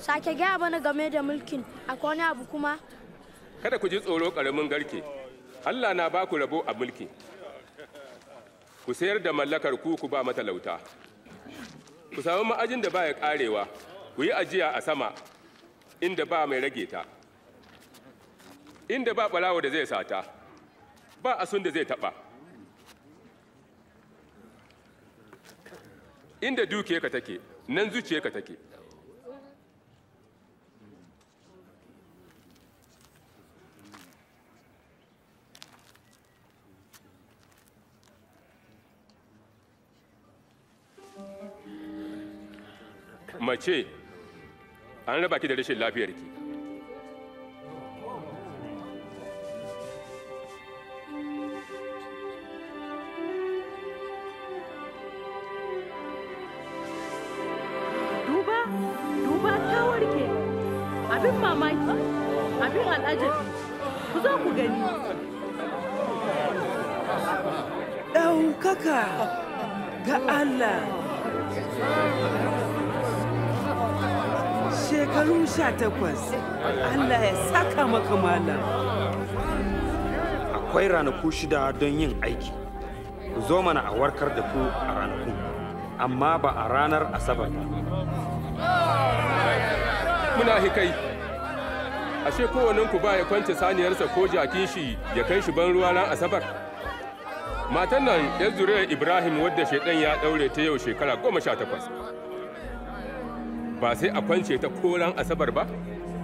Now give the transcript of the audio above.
sake gaya bana game da mulkin akwai wani abu kuma kada ku ji tsoro ƙaramin garke allah na ba ku rabo a mulki ku sayar da mallakar ku ku ba matalauta ku sami ma'ajin da ba ya ƙarewa ku yi ajiya a sama inda ba mai rage ta inda ba ɓarawo da zai sata ba asun da zai taɓa inda dukiyarka take nan zuciyarka take mace an raba ki da rashin lafiyar duba duba ta warke abin mamaki abin al'ajabi ku zo ku gani ɗaukaka ga Allah shekaru sha takwas allah ya saka maka malam akwai ranaku shida don yin aiki ku zo mana a warkar da ku a ranakun amma ba a ranar asabar ba muna hikai ashe kowannen ku ba ya kwance saniyarsa ko jakin shi ya kai shi ban ruwa ran asabar matan nan ya zuriyar ibrahim wadda shaidan ya daure ta yau shekara goma sha takwas ba sai a kwance ta koran asabar ba